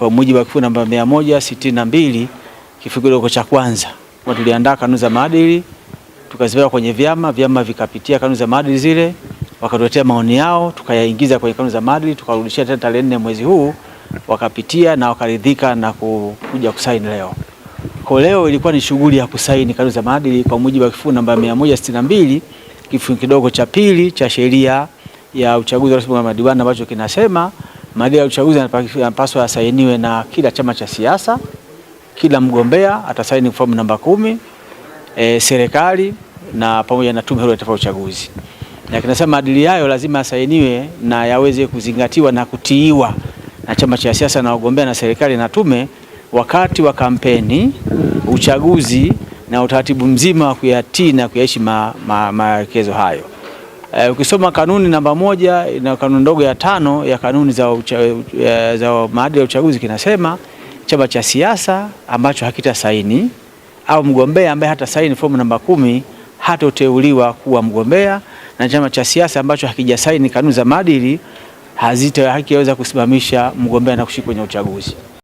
Kwa mujibu wa kifungu namba 162 kifungu kidogo cha kwanza, kwa tuliandaa kanuni za maadili tukazipeleka kwenye vyama, vyama vikapitia kanuni za maadili zile, wakatuletea maoni yao, tukayaingiza kwenye kanuni za maadili, tukarudishia tena tarehe nne mwezi huu, wakapitia na wakaridhika na kuja kusaini leo. Kwa leo ilikuwa ni shughuli ya kusaini kanuni za maadili kwa mujibu wa kifungu namba 162 kifungu kidogo cha pili cha sheria ya uchaguzi wa madiwani ambacho kinasema maadili ya uchaguzi yanapaswa yasainiwe na kila chama cha siasa, kila mgombea atasaini fomu namba kumi, e, serikali na pamoja na tume huru ya taifa ya uchaguzi. na kinasema maadili hayo lazima yasainiwe na yaweze kuzingatiwa na kutiiwa na chama cha siasa na wagombea na serikali na tume wakati wa kampeni, uchaguzi na utaratibu mzima wa kuyatii na kuyaishi maelekezo ma, ma, hayo. Uh, ukisoma kanuni namba moja na kanuni ndogo ya tano ya kanuni za, ucha, za maadili ya uchaguzi kinasema chama cha siasa ambacho hakita saini au mgombea ambaye hata saini fomu namba kumi hatoteuliwa kuwa mgombea, na chama cha siasa ambacho hakijasaini kanuni za maadili hakiweza kusimamisha mgombea na kushiriki kwenye uchaguzi.